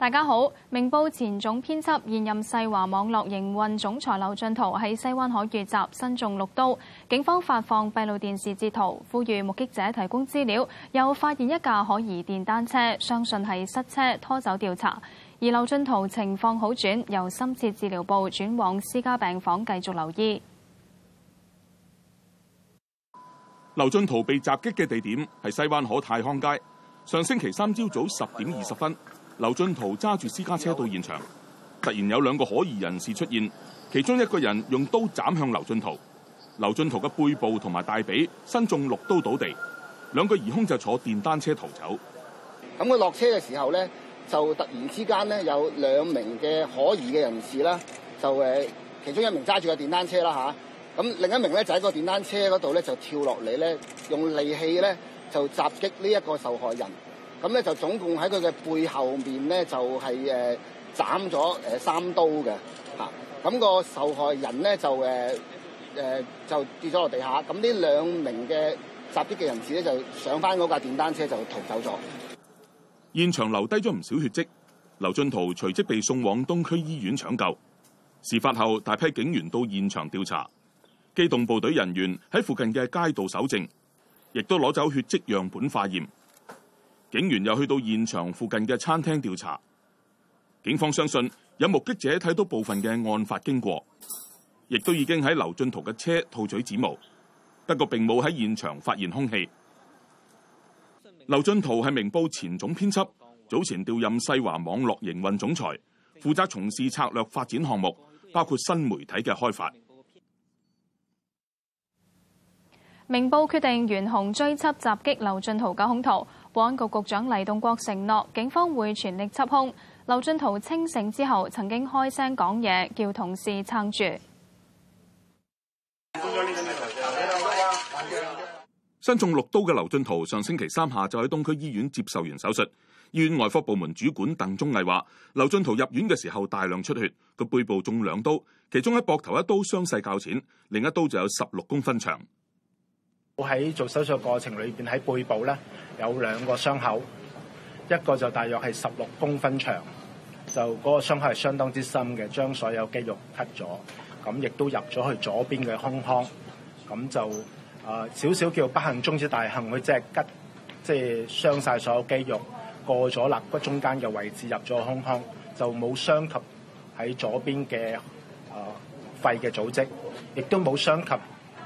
大家好，明報前總編輯、現任世華網絡營運總裁劉進圖喺西灣河遇襲，身中六刀。警方發放閉路電視截圖，呼籲目擊者提供資料。又發現一架可疑電單車，相信係失車拖走調查。而劉進圖情況好轉，由深切治療部轉往私家病房繼續留醫。劉進圖被襲擊嘅地點係西灣河泰康街，上星期三朝早十點二十分。劉進圖揸住私家車到現場，突然有兩個可疑人士出現，其中一個人用刀斬向劉進圖，劉進圖嘅背部同埋大髀身中六刀倒地，兩個疑兇就坐電單車逃走。咁佢落車嘅時候咧，就突然之間咧有兩名嘅可疑嘅人士啦，就誒，其中一名揸住個電單車啦吓，咁另一名咧就喺個電單車嗰度咧就跳落嚟咧，用利器咧就襲擊呢一個受害人。咁咧就總共喺佢嘅背後面咧就係誒斬咗三刀嘅嚇，咁個受害人咧就就跌咗落地下，咁呢兩名嘅襲擊嘅人士咧就上翻嗰架電單車就逃走咗。現場留低咗唔少血跡，劉進圖隨即被送往東區醫院搶救。事發後大批警員到現場調查，機動部隊人員喺附近嘅街道搜證，亦都攞走血跡樣本化驗。警員又去到現場附近嘅餐廳調查，警方相信有目擊者睇到部分嘅案發經過，亦都已經喺劉進圖嘅車套取指模，不過並冇喺現場發現兇器。劉進圖係明報前總編輯，早前調任世華網絡營運總裁，負責從事策略發展項目，包括新媒體嘅開發。明報決定懸紅追緝襲擊劉進圖嘅兇徒。保安局局長黎棟國承諾，警方會全力緝凶。劉進圖清醒之後，曾經開聲講嘢，叫同事撐住。身中六刀嘅劉進圖，上星期三下晝喺東區醫院接受完手術。醫院外科部門主管鄧宗毅話，劉進圖入院嘅時候大量出血，佢背部中兩刀，其中喺膊頭一刀傷勢較淺，另一刀就有十六公分長。喺做手術過程裏邊，喺背部咧有兩個傷口，一個就大約係十六公分長，就嗰個傷口係相當之深嘅，將所有肌肉 cut 咗，咁亦都入咗去左邊嘅胸腔，咁就啊少少叫不幸中之大幸，佢即係 cut，即係傷晒所有肌肉，過咗肋骨中間嘅位置入咗胸腔，就冇傷及喺左邊嘅啊肺嘅組織，亦都冇傷及，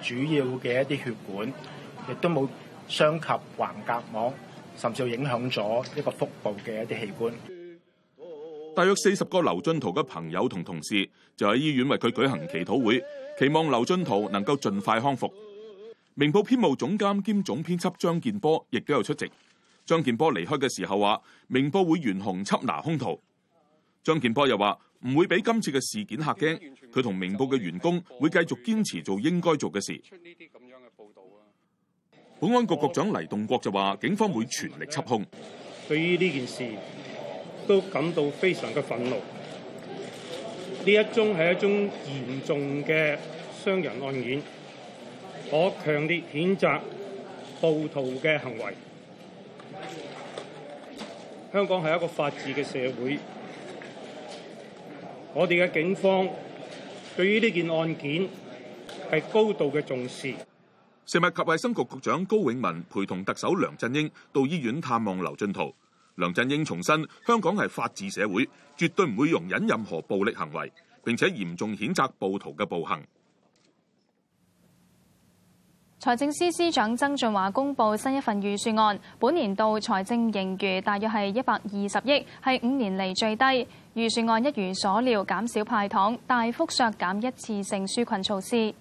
主要嘅一啲血管，亦都冇傷及橫膈膜，甚至影響咗一個腹部嘅一啲器官。大約四十個劉進圖嘅朋友同同事就喺醫院為佢舉行祈禱會，期望劉進圖能夠盡快康復。明報編務總監兼總編輯張健波亦都有出席。張健波離開嘅時候話明報會懸紅緝拿凶徒。張健波又話。唔會俾今次嘅事件嚇驚，佢同明報嘅員工會繼續堅持做應該做嘅事。保安局局長黎棟國就話：警方會全力緝兇。對於呢件事都感到非常嘅憤怒。呢一宗係一宗嚴重嘅傷人案件，我強烈譴責暴徒嘅行為。香港係一個法治嘅社會。我哋嘅警方對於呢件案件係高度嘅重視。食物及衛生局局長高永文陪同特首梁振英到醫院探望劉進圖。梁振英重申，香港係法治社會，絕對唔會容忍任何暴力行為，並且嚴重譴責暴徒嘅暴行。財政司司長曾俊華公佈新一份預算案，本年度財政盈餘大約係一百二十億，係五年嚟最低。預算案一如所料，減少派糖，大幅削減一次性紓困措施。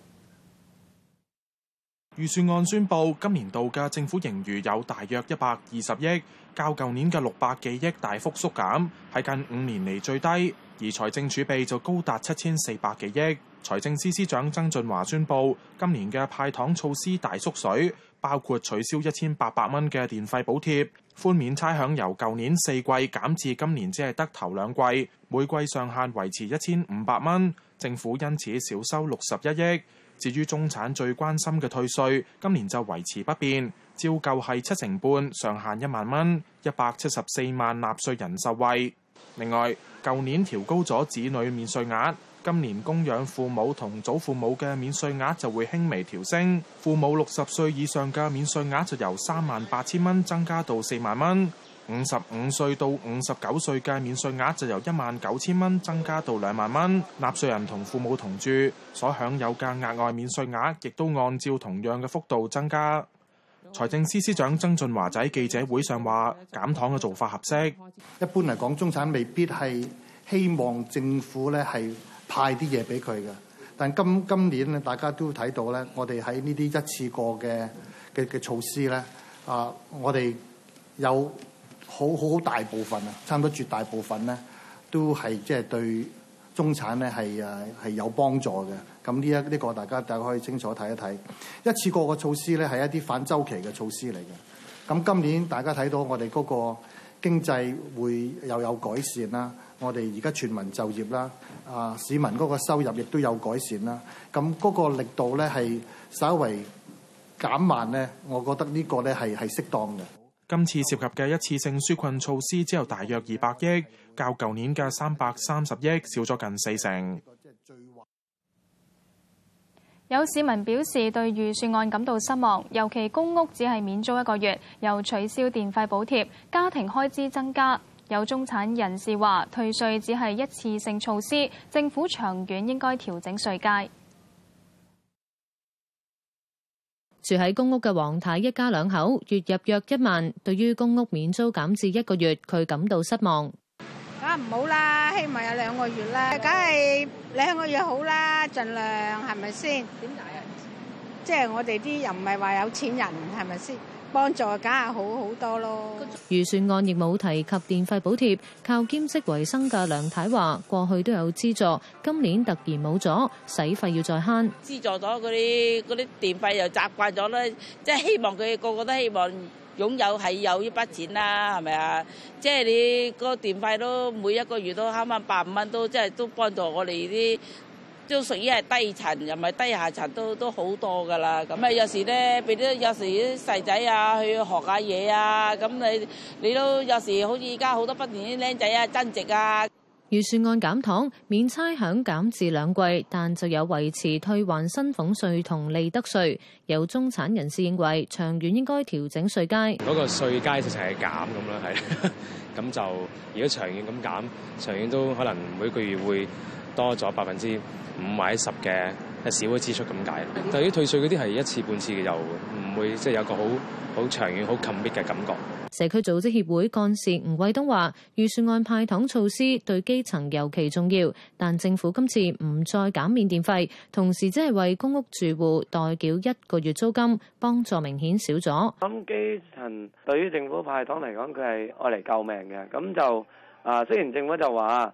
預算案宣布，今年度嘅政府盈餘有大約一百二十億，較舊年嘅六百幾億大幅縮減，係近五年嚟最低。而財政儲備就高達七千四百幾億。財政司司長曾俊華宣布，今年嘅派糖措施大縮水，包括取消一千八百蚊嘅電費補貼，寬免差餉由舊年四季減至今年只係得頭兩季，每季上限維持一千五百蚊。政府因此少收六十一億。至於中產最關心嘅退稅，今年就維持不變，照舊係七成半上限一萬蚊，一百七十四萬納稅人受惠。另外，舊年調高咗子女免稅額，今年供養父母同祖父母嘅免稅額就會輕微調升。父母六十歲以上嘅免稅額就由三萬八千蚊增加到四萬蚊，五十五歲到五十九歲嘅免稅額就由一萬九千蚊增加到兩萬蚊。納稅人同父母同住所享有嘅額外免稅額，亦都按照同樣嘅幅度增加。財政司司長曾俊華喺記者會上話：減糖嘅做法合適。一般嚟講，中產未必係希望政府咧係派啲嘢俾佢嘅。但今今年咧，大家都睇到咧，我哋喺呢啲一次過嘅嘅嘅措施咧，啊，我哋有好好好大部分啊，差唔多絕大部分咧，都係即係對中產咧係誒係有幫助嘅。咁呢一呢個，大家大家可以清楚睇一睇。一次過個措施咧，係一啲反周期嘅措施嚟嘅。咁今年大家睇到我哋嗰個經濟會又有改善啦，我哋而家全民就業啦，啊市民嗰個收入亦都有改善啦。咁嗰個力度咧係稍微減慢咧，我覺得呢個咧係係適當嘅。今次涉及嘅一次性紓困措施只有大約二百億，較舊年嘅三百三十億少咗近四成。有市民表示對預算案感到失望，尤其公屋只係免租一個月，又取消電費補貼，家庭開支增加。有中產人士話，退稅只係一次性措施，政府長遠應該調整稅階。住喺公屋嘅黃太一家兩口月入約一萬，對於公屋免租減至一個月，佢感到失望。唔好啦，希望有兩個月啦，梗係兩個月好啦，盡量係咪先？點解啊？即係我哋啲又唔係話有錢人係咪先？幫助梗係好好多咯。預算案亦冇提及電費補貼，靠兼職為生嘅梁太話：過去都有資助，今年突然冇咗，使費要再慳。資助咗嗰啲啲電費又習慣咗啦，即係希望佢個個都希望。擁有係有呢筆錢啦，係咪啊？即係你個電費都每一個月都慳翻百五蚊，都即係都幫助我哋啲都屬於係低層，又唔係低下層都，都都好多噶啦。咁啊，有時咧俾啲有時啲細仔啊去學下嘢啊，咁你你都有時好似而家好多不斷啲僆仔啊增值啊。預算案減糖免差餉減至兩季，但就有維持退還薪俸稅同利得稅。有中產人士認為，長遠應該調整稅階。嗰個稅階就直情係減咁啦，係咁就如果長遠咁減，長遠都可能每個月會多咗百分之五或者十嘅少嘅支出咁解，對於退稅嗰啲係一次半次嘅，又唔會即係有個好好長遠好緊迫嘅感覺。社區組織協會幹事吳衛東話，預算案派糖措施對基層尤其重要，但政府今次唔再減免電費，同時只係為公屋住戶代繳一個月租金，幫助明顯少咗。咁基層對於政府派糖嚟講，佢係愛嚟救命嘅，咁就啊，雖然政府就話。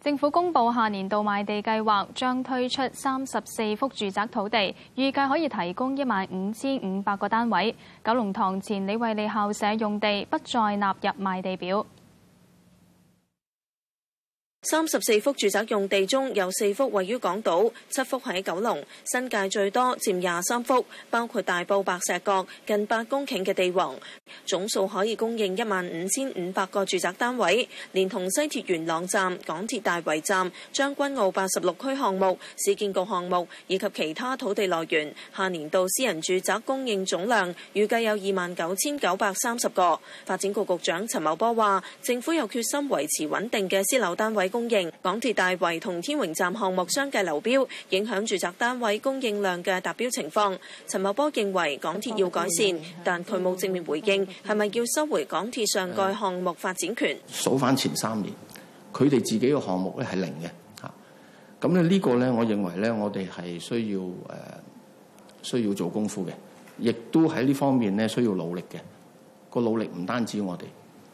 政府公布下年度賣地計劃，將推出三十四幅住宅土地，預計可以提供一萬五千五百個單位。九龍塘前李惠利校舍用地不再納入賣地表。三十四幅住宅用地中有四幅位於港島，七幅喺九龍，新界最多，佔廿三幅，包括大埔白石角近八公頃嘅地王，總數可以供應一萬五千五百個住宅單位，連同西鐵元朗站、港鐵大圍站將軍澳八十六區項目、市建局項目以及其他土地來源，下年度私人住宅供應總量預計有二萬九千九百三十個。發展局局長陳茂波話，政府有決心維持穩定嘅私樓單位。供應。港鐵大圍同天榮站項目相繼流標，影響住宅單位供應量嘅達標情況。陳茂波認為港鐵要改善，但佢冇正面回應係咪要收回港鐵上蓋項目發展權。數翻前三年，佢哋自己嘅項目咧係零嘅吓。咁咧呢個咧，我認為咧，我哋係需要誒需要做功夫嘅，亦都喺呢方面咧需要努力嘅。個努力唔單止我哋，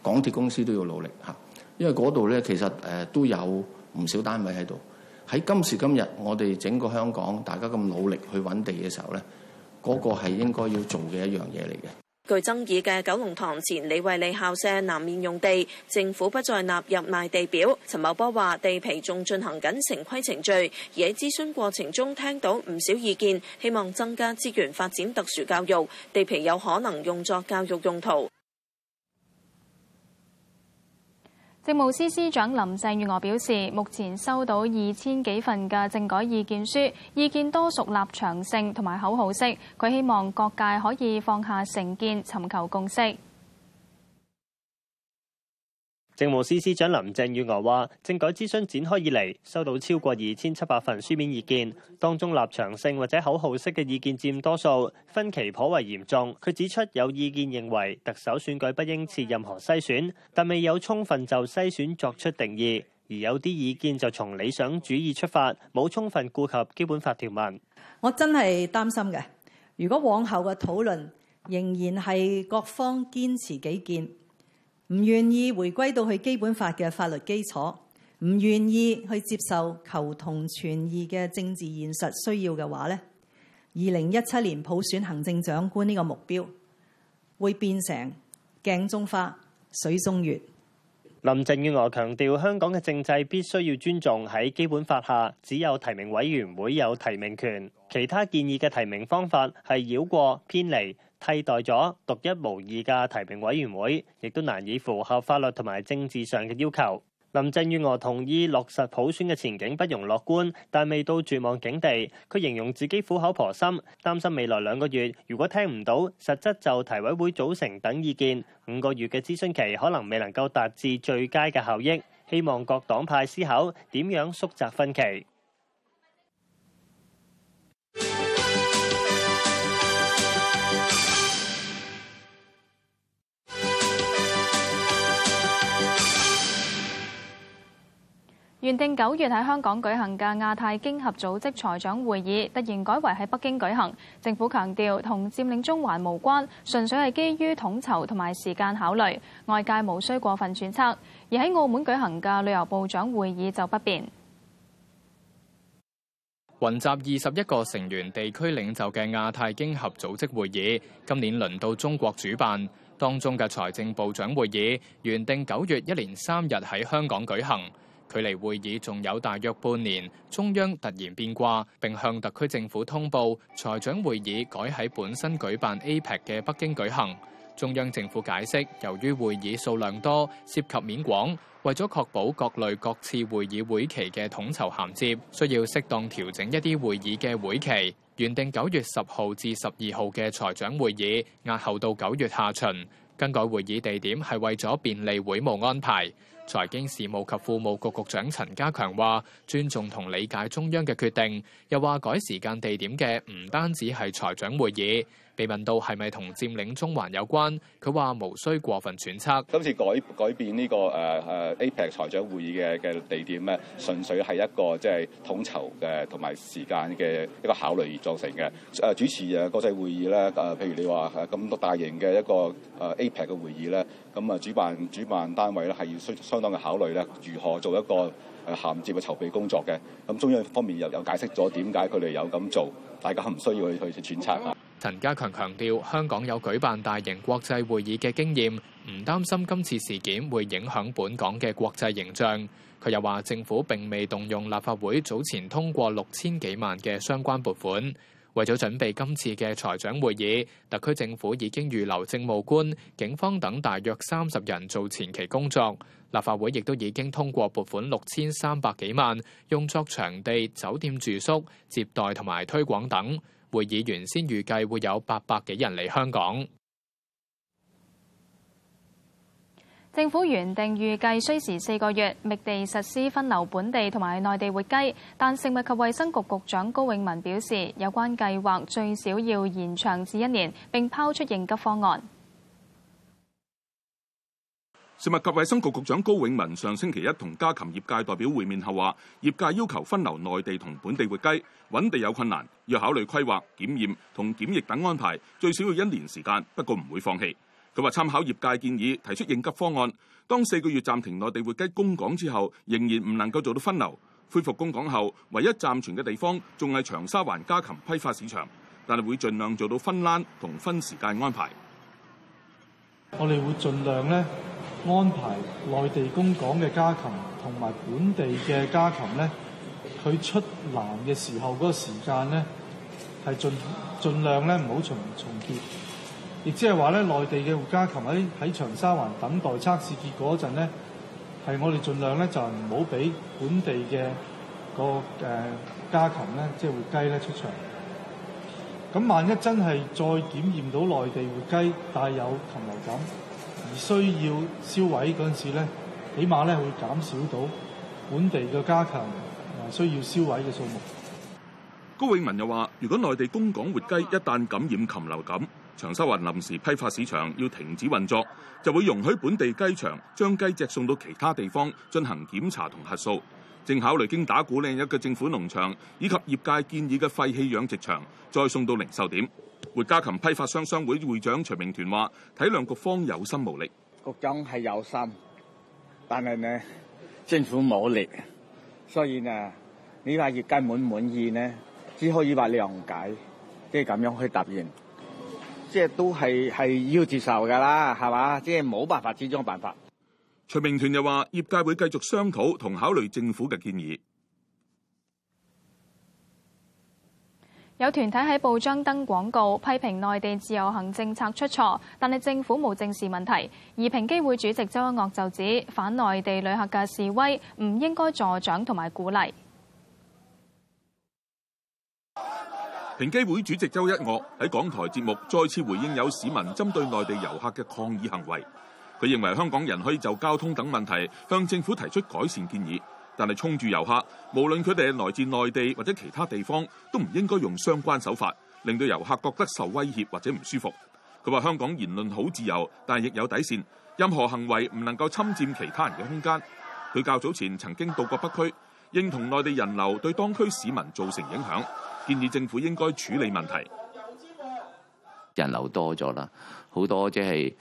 港鐵公司都要努力吓。因為嗰度咧，其實誒都有唔少單位喺度。喺今時今日，我哋整個香港大家咁努力去揾地嘅時候咧，嗰、那個係應該要做嘅一樣嘢嚟嘅。據爭議嘅九龍塘前李惠利校舍南面用地，政府不再納入賣地表。陳茂波話：地皮仲進行緊城規程序，而喺諮詢過程中聽到唔少意見，希望增加資源發展特殊教育，地皮有可能用作教育用途。政務司司長林鄭月娥表示，目前收到二千幾份嘅政改意見書，意見多屬立場性同埋口號式，佢希望各界可以放下成見，尋求共識。政務司司長林鄭月娥話，政改諮詢展開以嚟，收到超過二千七百份書面意見，當中立場性或者口號式嘅意見佔多數，分歧頗為嚴重。佢指出，有意見認為特首選舉不應設任何篩選，但未有充分就篩選作出定義；而有啲意見就從理想主義出發，冇充分顧及基本法條文。我真係擔心嘅，如果往後嘅討論仍然係各方堅持己見。唔願意回歸到去基本法嘅法律基礎，唔願意去接受求同存異嘅政治現實需要嘅話呢，二零一七年普選行政長官呢個目標會變成鏡中花、水中月。林鄭月娥強調，香港嘅政制必須要尊重喺基本法下，只有提名委員會有提名權，其他建議嘅提名方法係繞過、偏離。替代咗獨一無二嘅提名委員會，亦都難以符合法律同埋政治上嘅要求。林鄭月娥同意落實普選嘅前景不容樂觀，但未到絕望境地。佢形容自己苦口婆心，擔心未來兩個月如果聽唔到，實質就提委會組成等意見。五個月嘅諮詢期可能未能夠達至最佳嘅效益。希望各黨派思考點樣縮窄分歧。原定九月喺香港舉行嘅亞太經合組織財長會議突然改為喺北京舉行。政府強調同佔領中環無關，純粹係基於統籌同埋時間考慮，外界無需過分揣測。而喺澳門舉行嘅旅遊部長會議就不變。雲集二十一個成員地區領袖嘅亞太經合組織會議，今年輪到中國主辦。當中嘅財政部長會議原定九月一連三日喺香港舉行。距離會議仲有大約半年，中央突然變卦，並向特區政府通報，財長會議改喺本身舉辦 APEC 嘅北京舉行。中央政府解釋，由於會議數量多、涉及面廣，為咗確保各類各次會議會期嘅統籌銜接，需要適當調整一啲會議嘅會期。原定九月十號至十二號嘅財長會議，押後到九月下旬。更改會議地點係為咗便利會務安排。財經事務及庫務局局長陳家強話：尊重同理解中央嘅決定，又話改時間地點嘅唔單止係財長會議。被問到係咪同佔領中環有關，佢話無需過分揣測。今次改改變呢個誒 AP 誒 APEC 財長會議嘅嘅地點咧，純粹係一個即係統籌嘅同埋時間嘅一個考慮而造成嘅。誒主持誒國際會議咧，誒譬如你話咁多大型嘅一個誒 AP APEC 嘅會議咧，咁啊主辦主辦單位咧係要相相當嘅考慮咧，如何做一個誒銜接嘅籌備工作嘅。咁中央方面又有解釋咗點解佢哋有咁做，大家唔需要去去揣測啊。陳家強強調，香港有舉辦大型國際會議嘅經驗，唔擔心今次事件會影響本港嘅國際形象。佢又話，政府並未動用立法會早前通過六千幾萬嘅相關撥款，為咗準備今次嘅財長會議，特區政府已經預留政務官、警方等大約三十人做前期工作。立法會亦都已經通過撥款六千三百幾萬，用作場地、酒店住宿、接待同埋推廣等。會議原先預計會有八百幾人嚟香港。政府原定預計需時四個月，覓地實施分流本地同埋內地活雞，但食物及衛生局局長高永文表示，有關計劃最少要延長至一年，並拋出應急方案。食物及衛生局局長高永文上星期一同家禽業界代表會面後話，業界要求分流內地同本地活雞，揾地有困難，要考慮規劃、檢驗同檢疫等安排，最少要一年時間，不過唔會放棄。佢話參考業界建議，提出應急方案。當四個月暫停內地活雞供港之後，仍然唔能夠做到分流。恢復供港後，唯一暫存嘅地方仲係長沙灣家禽批發市場，但係會盡量做到分欄同分時間安排。我哋會盡量呢。安排內地供港嘅家禽同埋本地嘅家禽咧，佢出欄嘅時候嗰個時間咧，係盡盡量咧唔好重重疊，亦即係話咧，內地嘅活家禽喺喺長沙灣等待測試結果嗰陣咧，係我哋儘量咧，就係唔好俾本地嘅個誒家禽咧，即係活雞咧出場。咁萬一真係再檢驗到內地活雞帶有禽流感，需要銷毀嗰陣時咧，起碼咧會減少到本地嘅家禽需要銷毀嘅數目。高永文又話，如果內地供港活雞一旦感染禽流感，長沙灣臨時批發市場要停止運作，就會容許本地雞場將雞隻送到其他地方進行檢查同核數。正考慮經打鼓嶺一個政府農場以及業界建議嘅廢棄養殖場再送到零售點，活家禽批發商商會會長徐明團話，體諒局方有心無力，局長係有心，但係呢，政府冇力，所以呢，你話業界滿唔滿意呢？只可以話諒解，即係咁樣去答應，即係都係係要接受噶啦，係嘛？即係冇辦法之中辦法。徐明團又話：業界會繼續商討同考慮政府嘅建議。有團體喺報章登廣告批評內地自由行政策出錯，但係政府冇正視問題。而平機會主席周一岳就指，反內地旅客嘅示威唔應該助長同埋鼓勵。平機會主席周一岳喺港台節目再次回應有市民針對內地遊客嘅抗議行為。佢認為香港人可以就交通等問題向政府提出改善建議，但係衝住遊客，無論佢哋係來自內地或者其他地方，都唔應該用相關手法令到遊客覺得受威脅或者唔舒服。佢話香港言論好自由，但亦有底線，任何行為唔能夠侵佔其他人嘅空間。佢較早前曾經到過北區，認同內地人流對當區市民造成影響，建議政府應該處理問題。人流多咗啦，好多即係。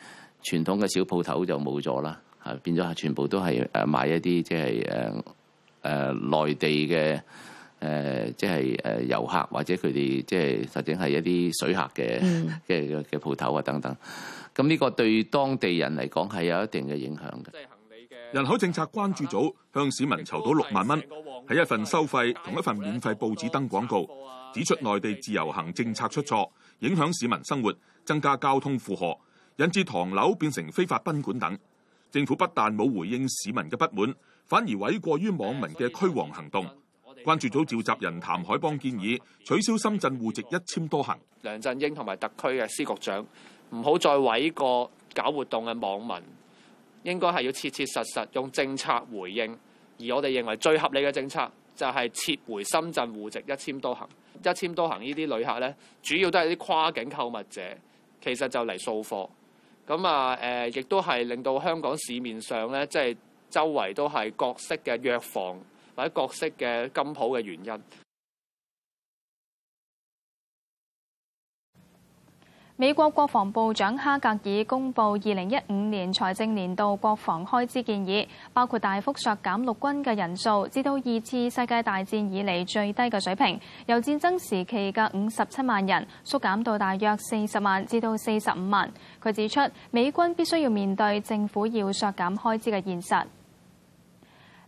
傳統嘅小鋪頭就冇咗啦，吓變咗係全部都係誒買一啲即係誒誒內地嘅誒，即係誒遊客或者佢哋即係實淨係一啲水客嘅嘅嘅鋪頭啊等等。咁呢個對當地人嚟講係有一定嘅影響嘅。人口政策關注組向市民籌到六萬蚊，係一份收費同一份免費報紙登廣告，指出內地自由行政策出錯，影響市民生活，增加交通負荷。引致唐樓變成非法賓館等，政府不但冇回應市民嘅不滿，反而毀過於網民嘅驅蝗行動。關注組召集人譚海邦建議取消深圳戶籍一簽多行。梁振英同埋特區嘅司局長唔好再毀過搞活動嘅網民，應該係要切切實實用政策回應。而我哋認為最合理嘅政策就係撤回深圳戶籍一簽多行。一簽多行呢啲旅客呢，主要都係啲跨境購物者，其實就嚟掃貨。咁啊，誒、呃，亦都係令到香港市面上咧，即係周圍都係各式嘅藥房或者各式嘅金鋪嘅原因。美國國防部長哈格爾公布二零一五年財政年度國防開支建議，包括大幅削減陸軍嘅人數，至到二次世界大戰以嚟最低嘅水平，由戰爭時期嘅五十七萬人縮減到大約四十萬至到四十五萬。佢指出，美軍必須要面對政府要削減開支嘅現實。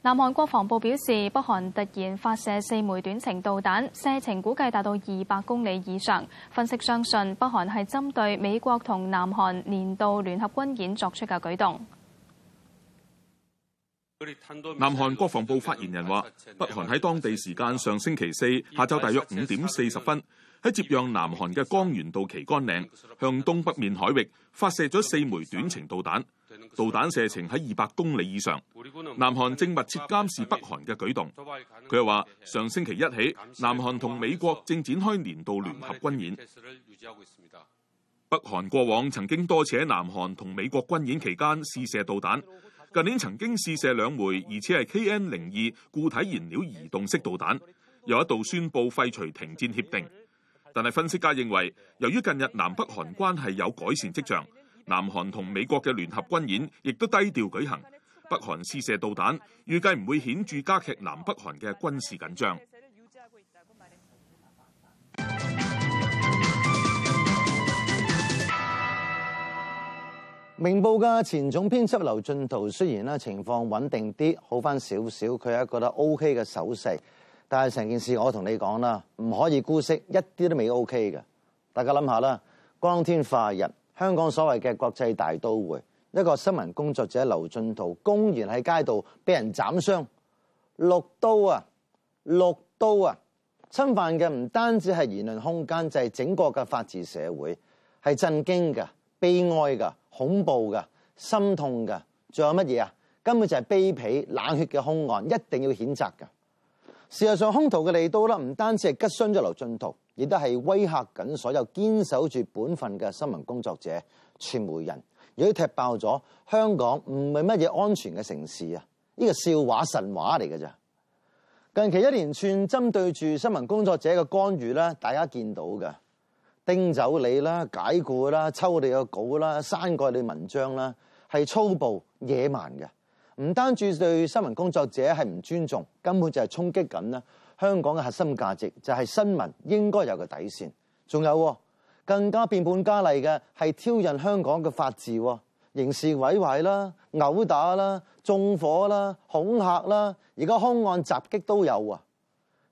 南韓國防部表示，北韓突然發射四枚短程導彈，射程估計達到二百公里以上。分析相信，北韓係針對美國同南韓年度聯合軍演作出嘅舉動。南韓國防部發言人話，北韓喺當地時間上星期四下晝大約五點四十分，喺接壤南韓嘅江原道旗杆嶺向東北面海域發射咗四枚短程導彈。導彈射程喺二百公里以上，南韓正密切監視北韓嘅舉動。佢又話：上星期一起，南韓同美國正展開年度聯合軍演。北韓過往曾經多次喺南韓同美國軍演期間試射導彈，近年曾經試射兩枚，而且係 KN 零二固體燃料移動式導彈。又一度宣布廢除停戰協定，但係分析家認為，由於近日南北韓關係有改善跡象。南韓同美國嘅聯合軍演亦都低調舉行，北韓試射導彈，預計唔會顯著加劇南北韓嘅軍事緊張。明報嘅前總編輯劉進圖雖然咧情況穩定啲，好翻少少，佢係覺得 OK 嘅手勢，但係成件事我同你講啦，唔可以姑息，一啲都未 OK 嘅。大家諗下啦，光天化日。香港所謂嘅國際大都會，一個新聞工作者劉進圖公然喺街道被人斬傷，六刀啊，六刀啊！侵犯嘅唔單止係言論空間，就係、是、整個嘅法治社會，係震驚嘅、悲哀嘅、恐怖嘅、心痛嘅。仲有乜嘢啊？根本就係卑鄙冷血嘅兇案，一定要譴責嘅。事實上，空徒嘅利到啦，唔單止係吉傷咗劉俊圖，亦都係威嚇緊所有堅守住本份嘅新聞工作者、傳媒人。如果踢爆咗香港唔係乜嘢安全嘅城市啊，呢個笑話神話嚟嘅咋？近期一連串針對住新聞工作者嘅干預啦，大家見到嘅叮走你啦、解雇啦、抽你哋嘅稿啦、刪改你文章啦，係粗暴野蠻嘅。唔單止對新聞工作者係唔尊重，根本就係衝擊緊啦香港嘅核心價值，就係新聞應該有個底線。仲有更加變本加厲嘅係挑釁香港嘅法治，刑事毀壞啦、毆打啦、縱火啦、恐嚇啦，而家凶案襲擊都有啊！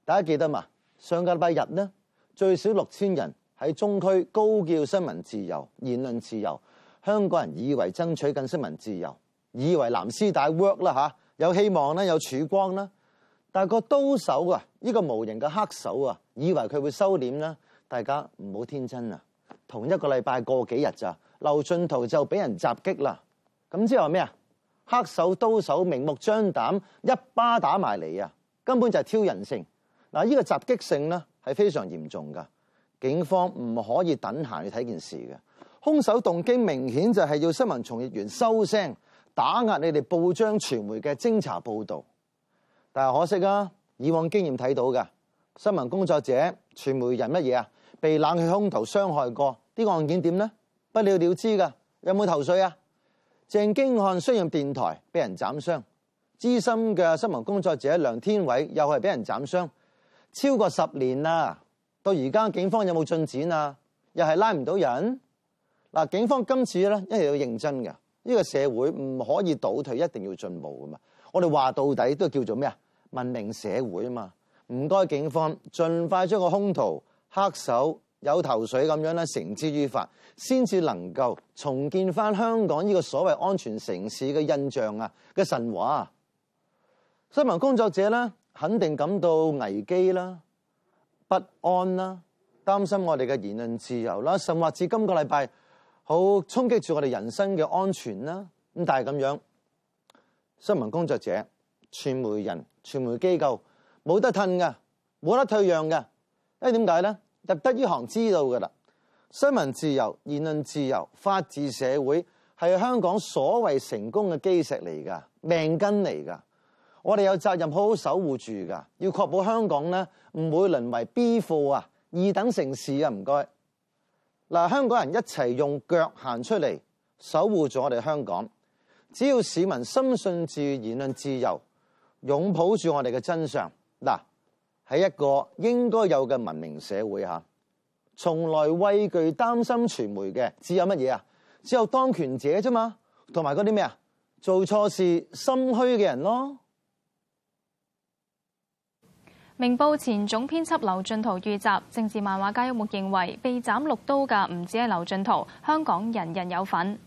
大家記得嘛？上個禮拜日呢最少六千人喺中區高叫新聞自由、言論自由，香港人以為爭取緊新聞自由。以為藍絲帶 work 啦嚇，有希望咧，有曙光啦。但係個刀手啊，呢個無形嘅黑手啊，以為佢會收斂啦。大家唔好天真啊！同一個禮拜過幾日咋？劉進圖就俾人襲擊啦。咁之後咩啊？黑手刀手明目張膽一巴打埋嚟啊！根本就係挑釁性嗱。呢個襲擊性呢，係非常嚴重噶，警方唔可以等閒去睇件事嘅。兇手動機明顯就係要新聞從業員收聲。打壓你哋報章傳媒嘅偵查報道，但係可惜啊，以往經驗睇到㗎，新聞工作者、傳媒人乜嘢啊，被冷血兇徒傷害過，啲案件點呢？不了了之噶，有冇頭緒啊？鄭經翰商業電台被人斬傷，資深嘅新聞工作者梁天偉又係俾人斬傷，超過十年啦，到而家警方有冇進展啊？又係拉唔到人，嗱，警方今次咧一定要認真㗎。呢個社會唔可以倒退，一定要進步噶嘛！我哋話到底都叫做咩啊？文明社會啊嘛！唔該，警方盡快將個兇徒、黑手、有頭水咁樣咧，繩之於法，先至能夠重建翻香港呢個所謂安全城市嘅印象啊嘅神話，新聞工作者咧，肯定感到危機啦、啊、不安啦、啊、擔心我哋嘅言論自由啦、啊，甚或至今個禮拜。好衝擊住我哋人身嘅安全啦，咁但係咁樣，新聞工作者、傳媒人、傳媒機構冇得褪噶，冇得退讓㗎。因為點解呢？入得呢行知道噶啦，新聞自由、言論自由、法治社會係香港所謂成功嘅基石嚟噶，命根嚟噶，我哋有責任好好守護住噶，要確保香港呢，唔會淪為 B 貨啊，二等城市啊，唔該。嗱，香港人一齊用腳行出嚟，守護住我哋香港。只要市民深信自言論自由，擁抱住我哋嘅真相，嗱，係一個應該有嘅文明社會吓。從來畏懼擔心傳媒嘅，只有乜嘢啊？只有當權者啫嘛，同埋嗰啲咩啊？做錯事心虛嘅人咯。明報前總編輯劉進圖遇襲，政治漫畫家一木認為，被斬六刀嘅唔止係劉進圖，香港人人有份。